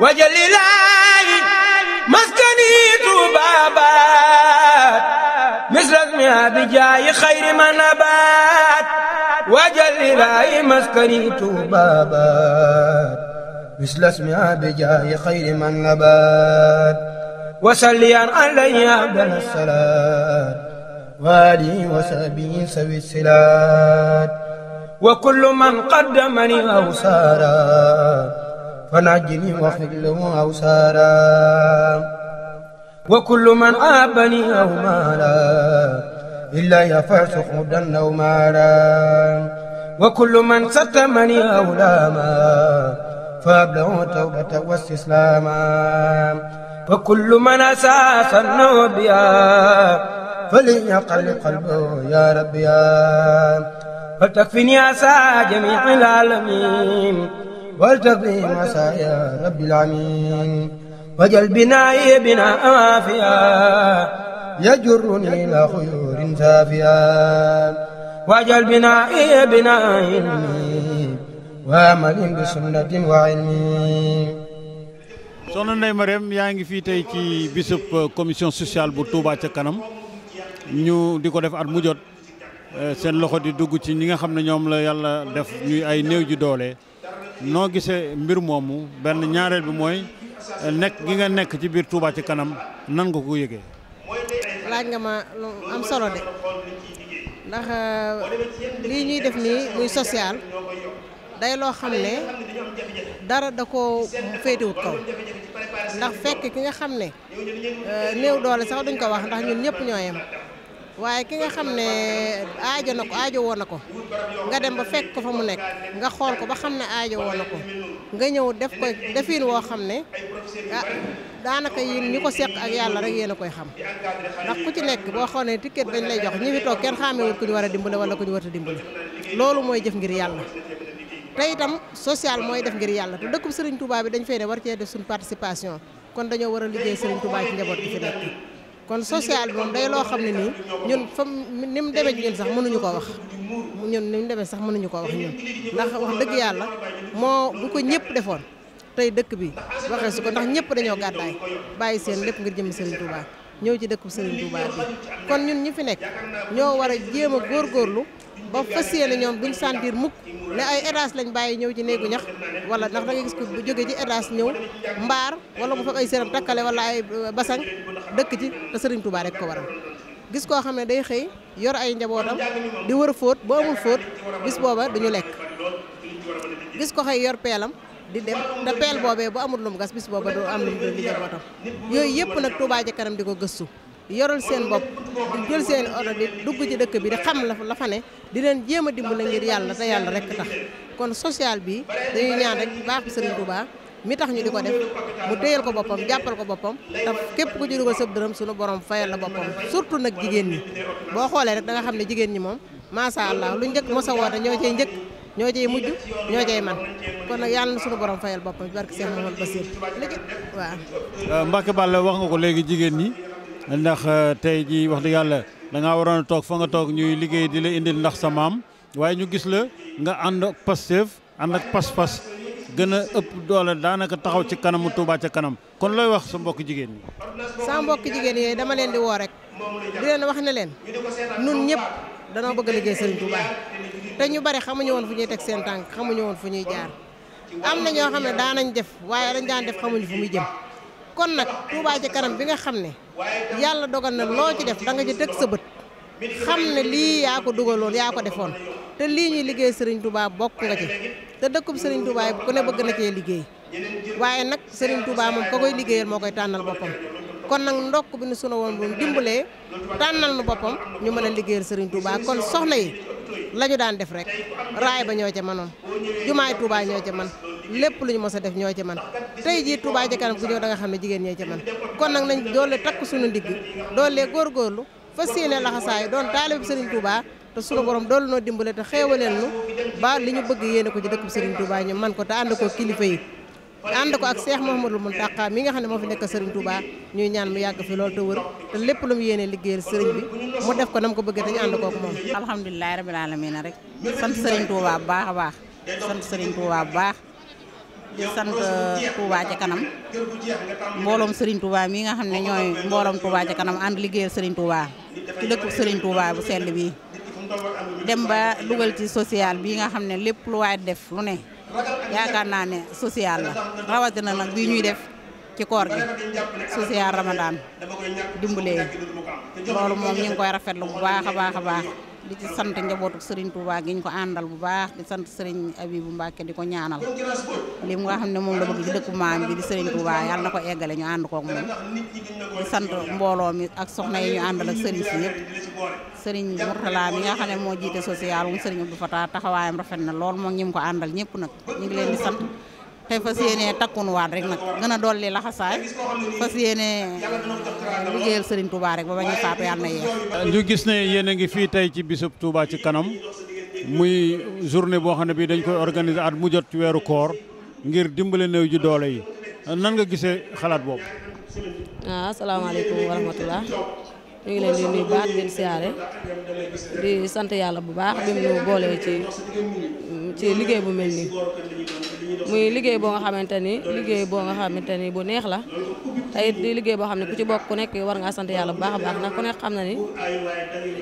wajalilaayi maskani Tuubaa baat misras mi abijaayi xayri ma nabaat wajalilaayi maskani Tuubaa baat misras mi abijaayi xayri ma nabaat wasalli alayhi afdal salaat wa aalihi wa sahbihi sawi silaat wa kullu man qaddamani aw saara ونجني واخفض له أوسارا وكل من عابني أو مالا إلا يفرس خدا أو مالا وكل من ستمني أو لاما فأبلغ توبة واستسلاما وكل من أساس النوبيا فليقل قلبه يا ربي فلتكفني أسى جميع العالمين والتقي مسايا رب العالمين وجل بناي بناء وافيا يجرني لخيور سافيا وجل بناي بناء علمي وامل بسنة وعلمي soxna Ndeye Marieme yaa ngi fii tey ci bisub euh, commission sociale bu Touba ca kanam ñu di ko def at mu jot euh, seen loxo di dugg ci ñi nga xam ne ñoom la yàlla def ñuy ay néew ji doole noo gisee mbir moomu benn ñaareel bi mooy eh, nekk gi nga nekk ci biir tuubaa ci kanam nan nga ko yëgee. laaj nga ma lu am solo de ndax eh, lii ñuy def nii muy social day loo xam ne dara da koo féetewut kaw ndax fekk ki nga xam ne eh, néew doole sax duñ ko wax ndax ñun ñëpp ñoo waaye ki nga xam ne aajo na ko ajo woon na ko nga dem ba fekk ko fa mu nekk nga xool ko ba xam ne aajo woon na ko nga ñëw def def defin woo xam ne ah daanaka yéen ñi ko seq ak yàlla rek yéen a koy xam ndax ku ci nekk boo xoolee ne ticket bañ lay jox ñi fi toog kenn xàmmewut ku ñu war a dimbale wala ku ñu war a dimbale loolu mooy jëf ngir yàlla te itam social mooy def ngir yàlla te dëkkub Serigne Touba bi dañ fay ne war cee def suñu participation kon dañoo war a liggéey Serigne Touba ci njaboot bi fi nekk kon social bi moom day loo xam ne nii ñun fa mu ni mu demee ñun sax mënuñu koo wax ñun ni mu demee sax mënuñu ko wax ñun ndax wax dëgg yàlla moo bu ko ñëpp defoon tey dëkk bi waxee su ko ndax ñëpp dañoo gàddaay bàyyi seen lépp ngir jëm Serigne Touba ñëw ci dëkk Serigne Touba bi kon ñun ñi fi nekk ñoo war a jéem a góorlu ba fas yéene ñoom duñ sentir mukk ne ay étage lañ bàyyi ñëw ci néegu ñax wala ndax da gis ko bu jógee ci étage ñëw mbaar wala mu fab ay sëram takkale wala ay euh, basang dëkk ci te sëriñ Touba rek ko waral gis koo xam ne day xëy yor ay njabootam di war fóot boo amul fóot bis booba duñu lekk gis ko xëy yor peelam di dem te peel boobee bu amul lum gas bis booba du am lu mu doon di yooyu yëpp nag Touba ca kanam di ko gëstu yoral seen bopp jël seen oto di dugg ci dëkk bi di xam la la fa ne di leen jéem a dimbali ngir yàlla te yàlla rek tax kon social bii dañuy ñaan rek baax Sëriñ Tuubaa mi tax ñu di ko def mu téyal ko boppam jàppal ko boppam te képp ku ci dugal sëb dërëm suñu borom fayal la boppam surtout nag jigéen ñi boo xoolee rek danga xam ne jigéen ñi moom macha allah lu njëkk mos a woote ñoo cay njëkk ñoo cay mujj ñoo cay man kon nag yàlla na suñu borom fayal boppam barke Seex Mamadu Basiir waaw. Mbacke Balla wax nga ko léegi jigéen ñi. ndax euh, tey jii wax dëgg yàlla danga ngaa waroon a toog fa nga toog ñuy liggéey di la indil ndax sa maam waaye ñu gis la nga ànd ak Pastef ànd ak pas-pas gën a ëpp doole daanaka taxaw ci kanamu Touba ca kanam kon looy wax sa mbokk jigéen ñi. sa mbokk jigéen yooyu dama leen di woo rek di leen wax na leen nun ñëpp danoo bëgg a liggéey Serigne Touba te ñu bari xamuñu woon fu ñuy teg seen tànk xamuñu woon fu ñuy jaar am na ñoo xam ne daan def waaye dañ daan def xamuñu fu kon nag Touba ci kanam bi nga xam ne yàlla dogal na loo ci def da nga ci teg sa bët xam ne lii yaa ko dugaloon yaa ko defoon te lii ñuy liggéey Serigne Touba bokk nga ci te sëriñ Serigne Touba ku ne bëgg na cee liggéey waaye nag Serigne Touba moom ka koy liggéeyal moo koy tànnal boppam kon nag ndokk bi ñu sunu woon bu dimbalee tànnal nu boppam ñu mën a liggéeyal Serigne Touba kon soxna yi la ñu daan def rek raay ba ñoo ca manoon jumaay Touba lépp lu ñu mos def ñoo ci man tey jii Touba ca kanam ku ñëw da nga xam ne jigéen ñee ci man kon nag nañ doole takk suñu ndigg doole góorgóorlu fas yéene laxasaayu doon taalib Serigne Touba te suñu borom doolu noo dimbale te xéewaleen nu ba li ñu bëgg yéene ko ci dëkk Serigne Touba ñu man ko te ànd ko kilifa yi ànd ko ak mi nga xam ne moo fi nekk Serigne Touba ñuy ñaan mu yàgg fi loolu te wër te lépp lu mu yéene liggéeyal Serigne bi mu def ko nam ko bëggee dañu ànd kook moom. alhamdulilah rabil aalamiina rek sant Serigne Touba bu baax a baax sant Serigne Touba bu baax di sant euh, Touba ca kanam mbooloom sëriñ Touba mii nga xam ne ñooy mbooloom Touba ca kanam ànd liggéeyal Serigne Touba ci dëkku Serigne Touba bu sell bii. dem ba dugal ci social bii nga xam ne lépp lu waay def lu ne yaakaar naa ne social la rawatina nag bii ñuy def ci koor gi social Ramadan dimbalee loolu moom ñu ngi koy rafetlu baax baax baax. di ci sant njabootu Serigne Touba gi ñu ko àndal bu baax di sant abi bu Mbacke di ko ñaanal li mu nga xam ne moom la bëgg ci dëkku maam bi di Serigne Touba yàlla na ko eggale ñu ànd koog moom di sant mbooloo mi ak soxna yi ñu àndal ak Serigne si yëpp Serigne Mourtala mi nga xam ne moo jiite social moom Serigne Abdou Fatah taxawaayam rafet na lool moom ñi mu ko àndal ñëpp nag ñu ngi leen di sant. tey fas yéene takkunuwaat rek nag gën a dolli laxasaay fas yéene liggéeyal Serigne Touba rek ba bañ a faatu na yéex. ñu gis ne yéen a ngi fii tey ci bisub Touba ci kanam muy journée boo xam ne bii dañ koy organiser at mu jot ci weeru koor ngir dimbale néew ji doole yi nan nga gisee xalaat boobu. waaw ah, asalaamaaleykum wa rahmatulah. ñu ngi leen di nuyu baax di leen siyaare di sant yàlla bu baax bi mu ñu ci liggéey bu mel nii muy liggéey boo nga xamante ni liggéey boo nga xamante ni bu neex la te liggéey boo xam ne ku ci bokk ku nekk war sant yàlla bu baax baax ndax ku nekk xam na ni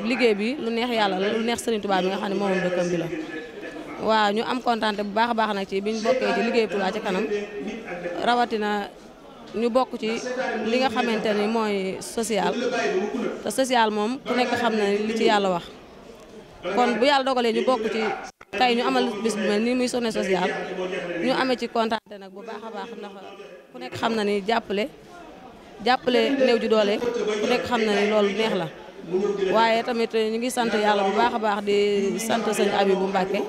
liggéey bi lu neex yàlla la lu neex Sëriñ Tuubaa nga xam ne moomam dëkkam bi la. waaw ñu am kontaan bu baax a baax nag ci biñ bokkee ci liggéey Tuubaa ci kanam rawatina. ñu bokk ci li nga xamante ni mooy social te social moom ku nekk xam na li ci yàlla wax kon bu yàlla dogalee ñu bokk ci tey ñu amal bis bu mel nii muy journée sociale ñu amee ci kontaante nag bu baax a baax ndax ku nekk xam na ni jàppale jàppale néew ju doole ku nekk xam na ni loolu neex la waaye tamit ñu ngi sant yàlla bu baax a baax di sant sëñ Abibou Mbacke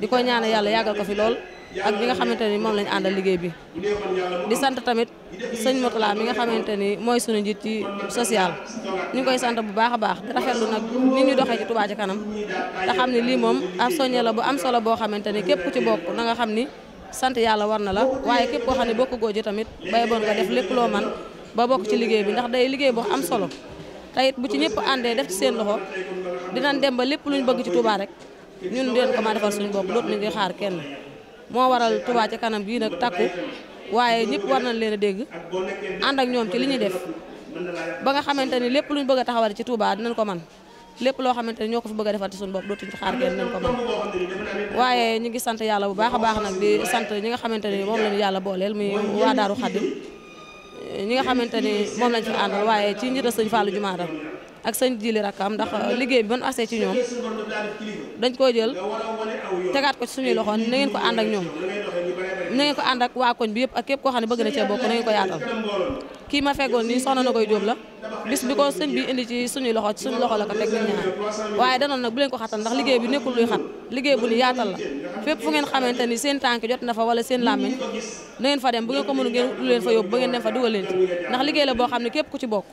di ko ñaan yàlla yàggal ko fi lool. ak ñi nga xamante ni moom lañ àndal liggéey bi di sant tamit sëñ Mourtala mi nga xamante ni mooy suñu njiit ci social ñu ngi koy sant bu baax a baax di rafetlu nag nit ñu doxee ci Touba ci kanam te xam ne lii moom ab la bu am solo boo xamante ni képp ku ci bokk na xam ni sant yàlla war na la waaye képp koo xam ne bokk góoji tamit bay boon nga def lépp loo man ba bokk ci liggéey bi ndax day liggéey boo am solo te it bu ci ñëpp àndee def ci seen loxo dinañ dem ba lépp luñ bëgg ci Touba rek ñun deen ko ma defal suñ bopp dootu ñu ngi xaar kenn moo waral Touba ci kanam bii nag takku waaye ñëpp war nañ leen a dégg ànd ak ñoom ci li ñuy def ba nga xamante ni lépp lu ñu bëgg a taxawal ci Touba dinañ ko man lépp loo xamante ni ñoo ko fi bëgg a defal ci suñu bopp dootuñ ci xaar kenn dinañ ko man waaye ñu ngi sant yàlla bu baax a baax nag di sant ñi nga xamante ni moom la ñu yàlla booleel muy waa Daaru Xaddim ñi nga xamante ni moom lañ fi àndal waaye ci njëriñ sëñ Fallou Jumaadal ak sañ jili rakam ndax euh, liggéey bi ban asee ci ñoom dañ koo jël tegaat ko ci suñuy loxo na ngeen ko ànd ak ñoom na ngeen ko ànd ak waa koñ bi yëpp ak képp koo xam ne bëgg na cee bokk ko yaatal kii ma feggoon nii soxna na koy jóob la bis bi ko sëñ bi indi ci suñuy loxo ci suñu loxo la ko teg nit ñaan waaye danoon nag bu leen ko xatal ndax liggéey bi nekkul luy xat liggéey bu ni yaatal la fépp fu ngeen xamante ni seen tànk jot na fa wala seen làmmiñ na ngeen fa dem bu ngeen ko mënu ngeen lu fa yóbbu ba ngeen dem fa dugal leen ci ndax liggéey la boo xam ne képp ku ci bokk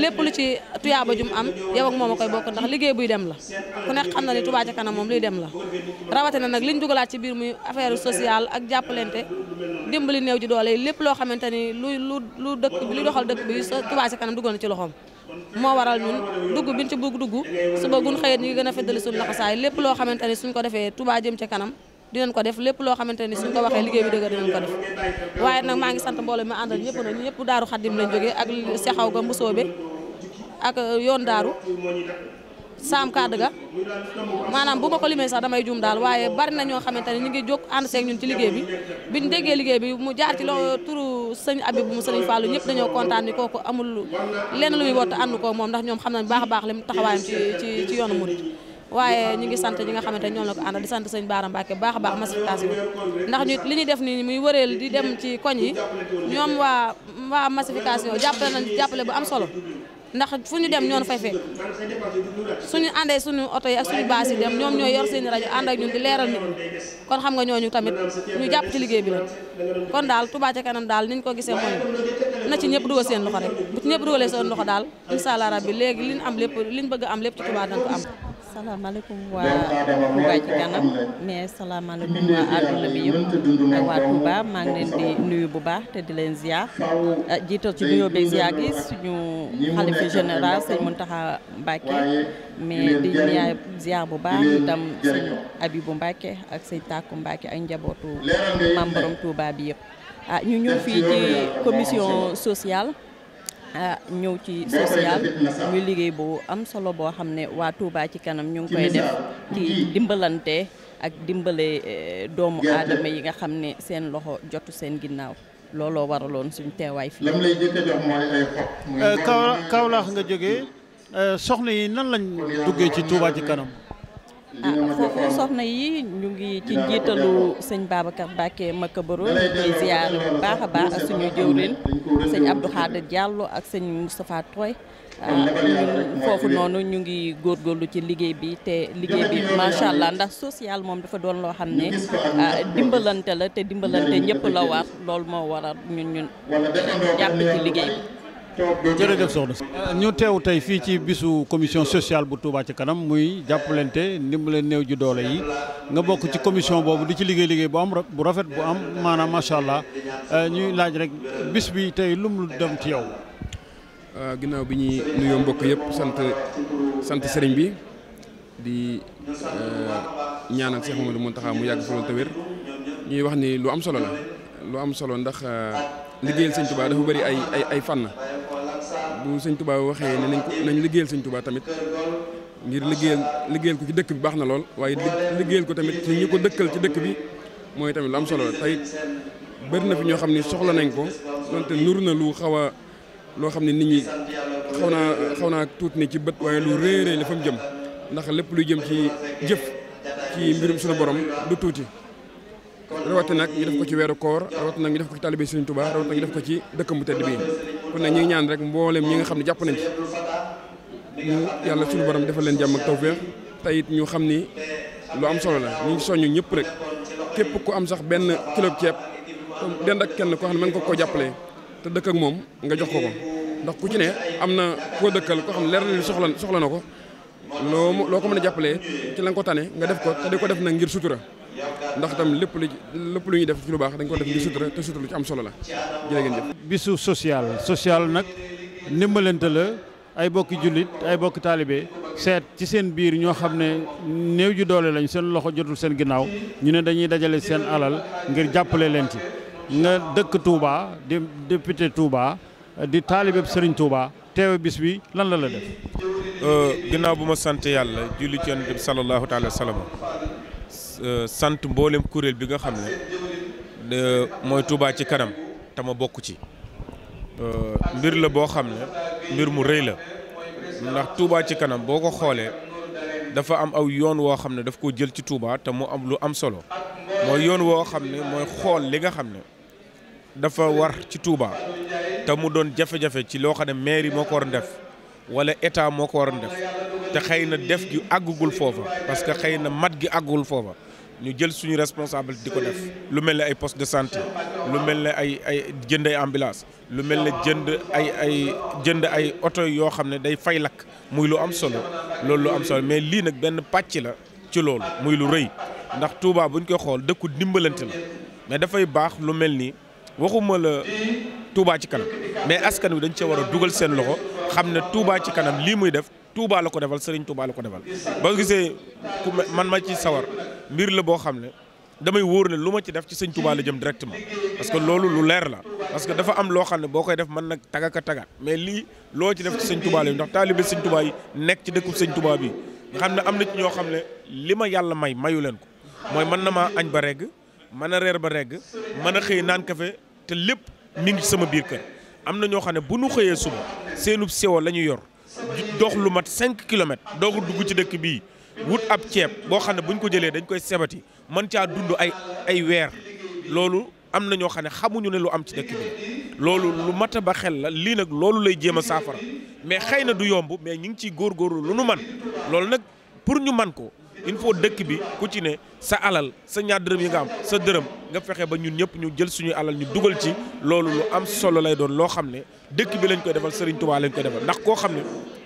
lépp lu ci tuyaaba jum am yow ak moom a koy bokk ndax liggéey buy dem la ku nekk xam na ni Touba ca kanam moom luy dem la rawatina nag liñ dugalaat ci biir muy affaire social ak jàppalante dimbali néew ji doole yi lépp loo xamante ni lu lu lu dëkk bi lu doxal dëkk bi Touba ca kanam dugal ci loxoom moo waral ñun dugg biñ ci bugg dugg suba gun xëyet ñi ngi gën a feddali suñ laxasaay lépp loo xamante ni suñ ko defee Touba jëm ca kanam dinañ ko def lépp loo xamante ni suñ ko waxee liggéey bi dëgg dinañ ko def waaye nag maa ngi sant mbooloo mi àndal ñëpp nag ñëpp daaru xaddim lañ jógee ak sexaw ga mbusoobe ak euh, yoon daaru saam kàdd ga maanaam bu ma ko limee sax damay juum daal waaye bari na ñoo xamante ne ñu ngi jóg ànd seeg ñun ci liggéey bi biñ déggee liggéey bi mu jaar ci loo turu sëñ Abib bu mu sëriñ Fallou ñëpp dañoo kontaan ni kooku amul lenn lu muy wott ànd ko moom ndax ñoom xam nañ baax a baax lim taxawaayam ci ci ci yoonu murid waaye ñu ngi sant ñi nga xamante ñoom la ko àndal di sant sëñ Baara Mbacke bu baax a baax massification ndax ñu li ñu def nii muy wëreel di dem ci koñ yi ñoom waa waa massification jàppale nañ jàppale bu am solo ndax fu ñu dem ñoon fay suñu àndee suñu oto yi ak suñu ñoom ñooy seen i ànd ak ñun di leeral nit kon xam nga ñooñu tamit ñu jàpp ci liggéey bi la kon daal Touba ca kanam daal niñ ko gisee mooy na ci ñëpp dugal seen loxo rek bu ci ñëpp dugalee seen loxo daal incha allah rabbi léegi li am lépp liñ bëgg am lépp ci Touba ko am salaamaaleykum waa Touba ci kanam mais salaamaaleykum waa àdduna bi yëpp ak waa Touba maa ngi leen di nuyu bu baax te di leen ziar ah, jiital ci nuyoo beeg ziar gi suñu xalifa général sëñ Mountakha Mbacké mais di ñaay ziar bu baax itam sëñ Abibou Mbacké ak sëñ tàkku Mbacké ak njabootu mam borom Touba bi yëpp ah ñu ñëw fii ci commission sociale ñëw ci social muy liggéey bu am solo boo xam ne waa Touba ci kanam ñu ngi koy def ci dimbalante ak dimbale e, doomu aadama yi nga xam ne seen loxo jotu seen ginnaaw looloo waraloon suñ teewaay fii. lam lay jëkk a jox mooy euh, nga jógee euh, soxna yi nan lañ duggee ci Touba ci kanam. Ah, foofu soxna yi ñu ngi ci njiitalu sëñ Babacar Mbacke Makabaro ñu koy ziar bu baax a baax ak suñu jëwriñ sëñ Abdou Khader Diallo ak sëñ Moustapha Toy ah, foofu noonu ñu ngi góor góorlu ci liggéey bi te liggéey bi macha allah ndax social moom dafa doon loo xam ne ah, dimbalante la te dimbalante ñëpp la war loolu moo waral ñu ñu jàpp ci liggéey bi. jërëjëf soxna si ñu teew tey fii ci bisu commission sociale bu Touba ci kanam muy jàppalante leen néew ji doole yi nga bokk ci commission boobu di ci liggéey liggéey bu am bu rafet bu am maanaam macha allah euh, ñuy laaj rek bis bi tey lum lu dem ci yow. Euh, ginnaaw bi ñuy nuyoo mbokk yëpp sant sant sëriñ bi di euh, ñaanal Cheikh Mamadou Mountakha mu yàgg solo te ñuy wax ni lu am solo la lu am solo ndax liggéeyal sëñ Touba dafa bëri ay ay ay fànn. bu sëñ Touba waxee ne nañ ko nañ liggéeyal sëñ Touba tamit ngir liggéeyal liggéeyal ko ci dëkk bi baax na lool waaye liggéeyal ko tamit ci ñi ko dëkkal ci dëkk bi mooy tamit lu am solo la tey bëri na fi ñoo xam ne soxla nañ ko donte nur na lu xaw a loo xam ne nit ñi xaw naa xaw naa tuuti ne ci bët waaye lu réeree la fa mu jëm ndax lépp luy jëm ci jëf ci mbirum sunu borom du tuuti rawatina nag ñu def ko ci weeru koor rawatina nag ñu def ko ci taalibe Sëriñ Tuubaa def ko ci dëkkam kon nag ñu ngi ñaan rek mboolem ñi nga xam ne jàpp ci ñu yàlla suñu borom defal leen jàmm ak tawféex tayit it ñu xam ni lu am solo la ñu soññu ñëpp rek képp ku am sax benn kilo ceeb dend ak kenn koo xam ne mën ko ko jàppale te dëkk ak moom nga jox ko ko ndax ku ci ne am na koo dëkkal koo xam ne leer soxla soxla na ko loo loo ko mën a jàppalee ci la ko tane nga def ko te di ko def na ngir sutura. ndax tam lépp lu lépp lu ñuy def ci lu baax dañ ko def ngir sutura te sutura lu ci am solo la jërë ngeen jëf. bisu social social nag ndimbalante la ay bokki jullit ay bokki taalibe seet ci seen biir ñoo xam ne néew ji doole lañ seen loxo jotul seen ginnaaw ñu ne dañuy dajale seen alal ngir jàppale leen ci nga dëkk Touba di député Touba di taalibe sëriñ Touba teewe bis bi lan la la def. Euh, ginnaaw bu ma sant yàlla julli ci yonent bi sallallahu taala Euh, sant mboolem kuréel bi nga xam ne mooy Touba ci kanam te ma bokk ci euh, mbir la boo xam ne mbir mu rëy la ndax Touba ci kanam boo ko xoolee dafa am aw yoon woo xam ne daf ko jël ci Touba te mu am lu am solo mooy yoon woo xam ne mooy xool li nga xam ne dafa war ci Touba te mu doon jafe-jafe ci loo xam ne mairie moo ko war def wala état moo ko war def te xëy na def gi àggugul foofa parce que xëy na mat gi àggugul foofa ñu jël suñu responsable di ko def lu mel ni ay poste de santé lu mel ne ay ay jënd ay ambulance lu mel ne jënd ay ay jënd ay oto yoo xam ne day fay lakk muy lu am solo loolu lu am solo mais lii nag benn pàcc la ci loolu muy lu rëy ndax Touba buñ koy xool dëkku dimbalante la mais dafay baax lu mel nii waxuma la Touba ci kanam mais askan wi dañ cee war a dugal seen loxo xam ne Touba ci kanam lii muy def Touba ko defal Serigne Touba ko defal ba gisee ku man ma ci sawar mbir la boo xam ne damay wóor ne lu ma ci def ci sëñ Touba la jëm directement parce que loolu lu leer la parce que dafa am loo xam ne boo koy def mën nag tagaka tagaat mais lii loo ci def ci sëñ Touba la ndax taalibe sëñ Touba nekk ci dëkkub sëñ Touba bi nga xam ne am na ci ñoo xam ne li ma yàlla may mayu leen ko mooy mën na maa añ ba regg mën a reer ba regg mën a xëy naan kafe te lépp mi ngi ci sama biir kër am na ñoo xam ne bu nu xëyee suba seenub sewo la ñu yor dox lu mat 5 kilomètres doo ko dugg ci dëkk bii wut ab ceeb boo xam ne bu buñ ko jëlee dañ koy sebati man caa dund ay ay weer loolu am na ñoo xam ne xamuñu ne lu am ci dëkk bi loolu lu mat a ba xel la lii nag loolu lay jéem a saafara mais xëy na du yomb mais ñu ngi ciy góorgóorlu lu nu man loolu nag pour ñu man ko il dëkk bi ku ci ne sa alal sa ñaar dërëm yi nga am sa dërëm nga fexe ba ñun ñëpp ñu jël suñuy alal ñu dugal ci loolu lu am solo lay doon loo xam ne dëkk bi lañ koy defal Serigne Touba lañ koy defal ndax koo xam ne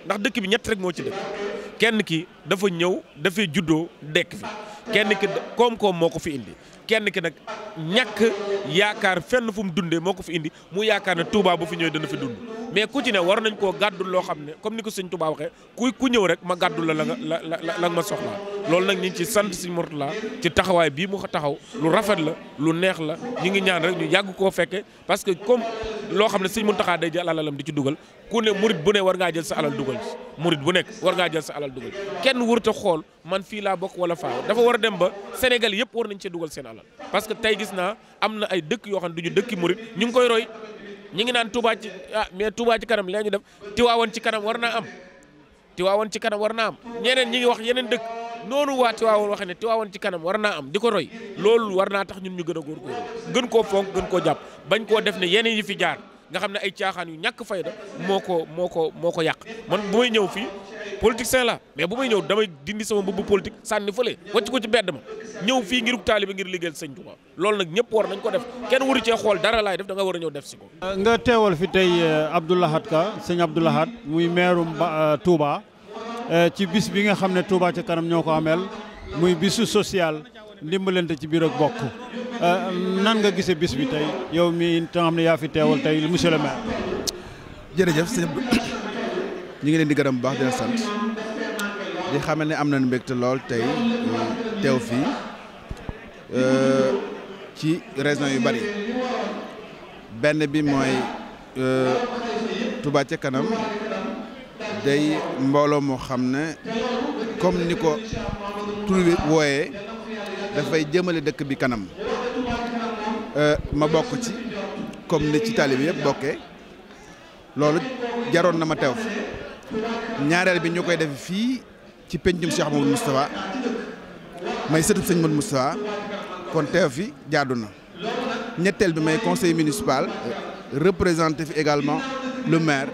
ndax dëkk bi ñett rek moo ci dëkk kenn ki dafa ñëw dafay juddoo dekk fi kenn ki koom-koom moo ko fi indi kenn ki nag ñàkk yaakaar fenn fu mu dundee moo ko fi indi mu yaakaar ne Touba bu fi ñëwee dana fi dund mais ku ci ne war nañ koo gàddul loo xam ne comme ni ko sëñ Touba waxee kuy ku ñëw rek ma gàddul la la la la nga ma soxlaa loolu nag ñu ngi ci sant Serigne Mourtala ci taxawaay bii mu taxaw lu rafet la lu neex la ñu ngi ñaan rek ñu yàgg koo fekkee parce que comme loo xam ne Serigne Mountakha day jël alalam di ci dugal ku ne murit bu ne war ngaa jël sa alal dugal murit bu nekk war ngaa jël sa alal dugal kenn wurut a xool man fii laa bokk wala faaw dafa war a dem ba Sénégal yëpp war nañ cee dugal seen alal parce que tey gis naa am na ay dëkk yoo xam ne du ñu dëkki murit ñu ngi koy roy ñu ngi naan Touba ci ah mais Touba ci kanam lee ñu def Tiwaawan ci kanam war naa am Tiwaawan ci kanam war naa am ñeneen ñi wax yeneen dëkk noonu waa Tiwaawoon waxee ne Tiwaawoon ci kanam war naa am di ko roy loolu war naa tax ñun ñu gën a góorgóorlu gën koo fonk gën koo jàpp bañ koo def ne yeneen yi fi jaar nga xam ne ay caaxaan yu ñàkk fayda moo ko moo ko moo ko yàq man bu may ñëw fii politicien la mais bu may ñëw damay dindi sama mbubb politique sànni fële wàcc ko ci bedd ma ñëw fii ngir taalibe ngir liggéeyal sëñ ko loolu nag ñëpp war nañ ko def kenn waru cee xool dara laay def da nga war a ñëw def si ko. nga teewal fi tey Abdou Lahad Ka sëñ Abdou Lahad muy meerum Touba. Eh, ci bis bi nga xam ne Touba ca kanam ñoo ko ameel muy bisu social ndimbalante ci biir ak bokk eh, nan nga gisee bis bi tey yow mi nga xam ne yaa fi teewal tey monsieur le maire. jërëjëf ngi leen di gërëm bu baax di sant di xamal ne am na nañu te lool tey eh, teew fii ci raison yu bari benn bi mooy Touba ca kanam. day mbooloo moo xam ne comme ni ko tur wi wooyee dafay jëmale dëkk bi kanam euh, ma bokk ci comme ni ci taalibe yëpp bokkee loolu jaroon na ma teew ñaareel bi ñu koy def fii ci pencum Cheikh Mamadou Moustapha may sëtub sëñ Mamadou Moustapha kon teew fi jaadu na ñetteel bi may conseil municipal euh, représenté fi également le maire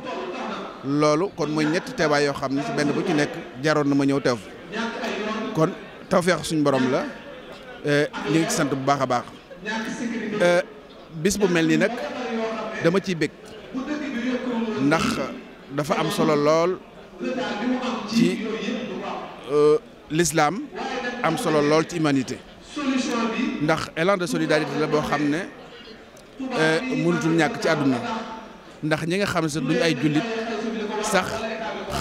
loolu kon mooy ñetti teebaay yoo xam ne ci benn bu ci nekk jaroon na ma ñëw teew kon tawfeex suñu borom la e, ñu ngi ci sant bu baax a baax e, bis bu mel nii nag dama ci bég ndax dafa am solo lool ci e, lislaam am solo lool ci humanité ndax élan de solidarité la boo xam ne mënutul ñàkk ci àdduna ndax ñi nga xam ne sax duñ ay jullit sax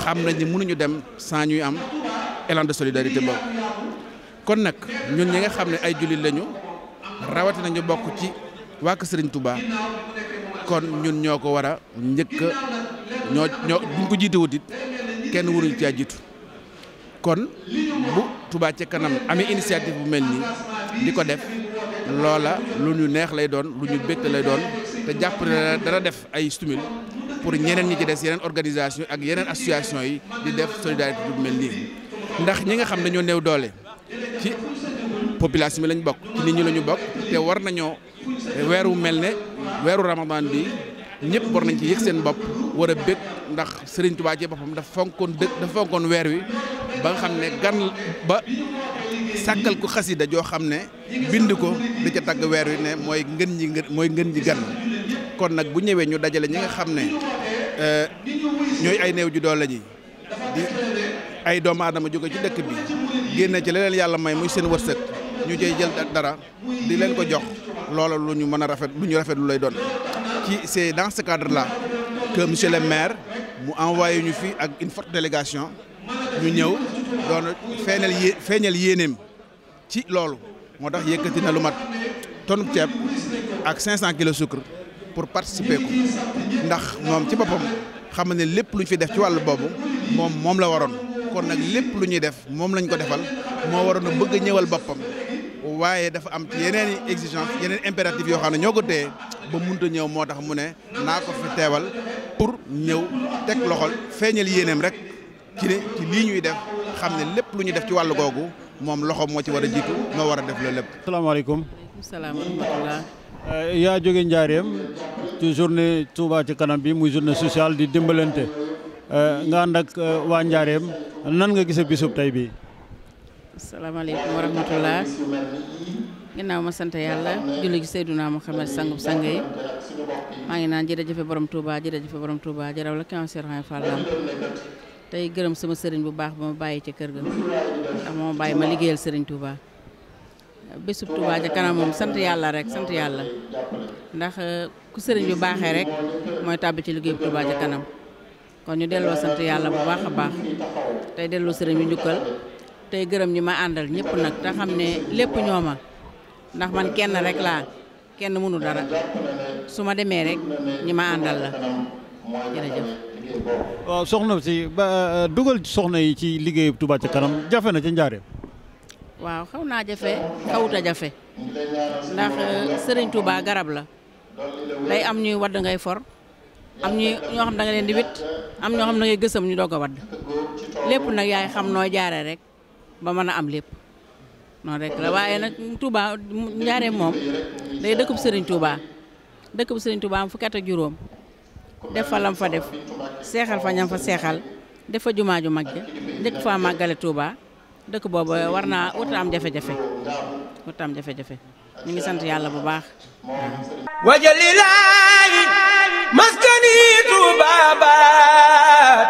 xam nañ ni mënuñu dem sans ñuy am élan de solidarité boobu kon nag ñun ñi nga xam ne ay jullit lañu rawati ñu bokk ci waa Kër Serigne kon ñun ñoo ko war a njëkk ñoo ñoo buñ ko jiite wutit kenn waruñu caa jiitu kon bu Touba ca kanam amee initiative bu mel nii di ko def loola lu ñu neex lay doon lu ñu bégte lay doon. te jàpp na dana def ay stimule pour ñeneen ñi ci des yeneen organisation ak yeneen association yi di def solidarité bu mel nii ndax ñi nga xam ne ñoo néew doole ci population bi lañ bokk ci nit ñi lañu bokk te war nañoo weer wu mel ne weeru ramadan bi ñëpp war nañ ci yëg seen bopp wara a bëgg ndax Serigne Touba ci boppam dafa fonkoon dëkk dafa fonkoon weer wi ba nga xam ne gan ba sàkkal ko xas xasida joo xam ne bind ko di ca tagg weer wi ne mooy ngën ñi mooy ngën ñi gan kon nag bu ñëwee ñu dajale ñi nga xam ne euh, ñooy ay néew ju doole ji di ay doomu aadama jóge ci dëkk bi génne ci leneen yàlla may muy seen wërsëg ñu cey jël dara di leen ko jox loola lu ñu mën a rafet lu ñu rafet lu lay doon ci c'est dans ce cadre là monsieur le maire mu envoyé ñu fii ak une forte délégation ñu ñëw doon feeñal yé feeñal yéeneem ci loolu moo tax yëkkati na lu mat tonne ceeb ak cent kilos sucre. pour participer ko ndax moom ci boppam xam ne lépp lu ñu fi def ci wàllu boobu moom moom la waroon kon nag lépp lu ñuy def moom lañu ko defal moo waroon a bëgg a ñëwal boppam waaye dafa am ci yeneen i exigence yeneen impératif yoo xam ne ñoo ko téye ba munta ñëw moo tax mu ne naa ko fi teewal pour ñëw teg loxol feeñal yéeneem rek ci ne lii ñuy def xam ne lépp lu ñuy def ci wàll googu moom loxo moo ci war a jiitu moo war a def loolu lépp. salaamaaleykum. waaleykum salaam Eh, yaa jóge njaareem ci journée Touba ci kanam bi muy journée sociale di dimbalante eh, nga ànd ak eh, waa njaareem nan nga gisee bisub tey bii. asalaamaaleykum wa rahmatulah ginnaaw ma sant yàlla julli gi Seydunaa Muhammad sangub sang yi maa ngi naan jërëjëfe borom de jëfe borom Touba jaraw la cancer xay fàllam tey gërëm sama sëriñ bu baax ba ma bàyyi ci kër ga ndax moo bàyyi ma liggéeyal sëriñ Touba bésub Touba ca kanam sant yàlla rek sant yàlla ndax euh, ku sëriñ bi baaxee rek mooy tàbbi ci liggéeyub Touba ca kanam kon ñu delloo sant yàlla bu baax a baax tey delloo sëriñ bi njukkal tey gërëm ñi ma àndal ñëpp nag te xam ne lépp ñoo ma ndax man kenn rek laa kenn mënul dara su ma demee rek ñi ma àndal la jërëjëf. waaw soxna si ba dugal soxna yi ci liggéeyub Touba ci kanam jafe na ci njaareem. waaw xaw naa jafe xawuta jafe ndax euh, sëriñ Touba garab la day am ñuy wadd ngay for am ñuy ñoo xam da leen di wit am ñoo xam da ngay gësëm ñu doog a wadd lépp nag yaay xam nooy jaare rek ba mën a am lépp noonu rek la waaye nag Touba njaaree moom day dëkkub Serigne Touba dëkkub sëriñ Touba am fukki at juróom def fa lam fa def seexal fa ñam fa seexal def fa jumaa ju mag ja njëkk faa màggale Touba. dëkk boobu war naa am jafe-jafe warut ngi sant yàlla bu baax. wajalilaayi maskani tuubaabaat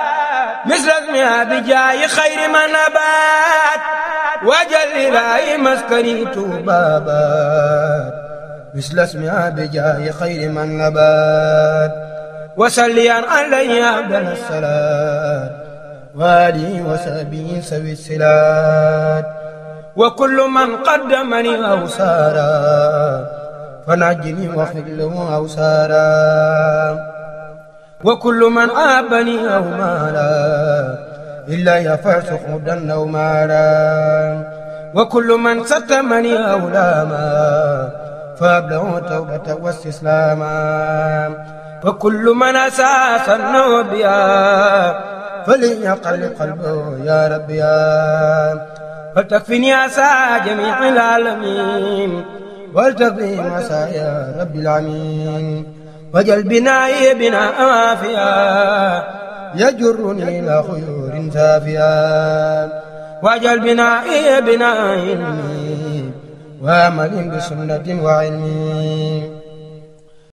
misras mi abijaayi xayri ma nabaat wajalilaayi maskani tuubaabaat misras mi abijaayi xayri ma nabaat wasalliyan alayhi abdal salaat وآلي وصحبه سوي الصلات وكل من قدمني أو سارا فنجني واغفر له أو سارا وكل من عابني أو مالا إلا يفعت حدا أو مالا وكل من ستمني أو لاما فأبلغ توبة واستسلاما وكل من أساس النوبيا فلينقل قلبه يا رب يا فلتكفني عسى جميع العالمين ولتقضي عسى يا رب العالمين وجل بنائي بنا أوافيا يجرني إلى خيور سافيا وجل بنائي بناء علمي وامل بسنة وعلمي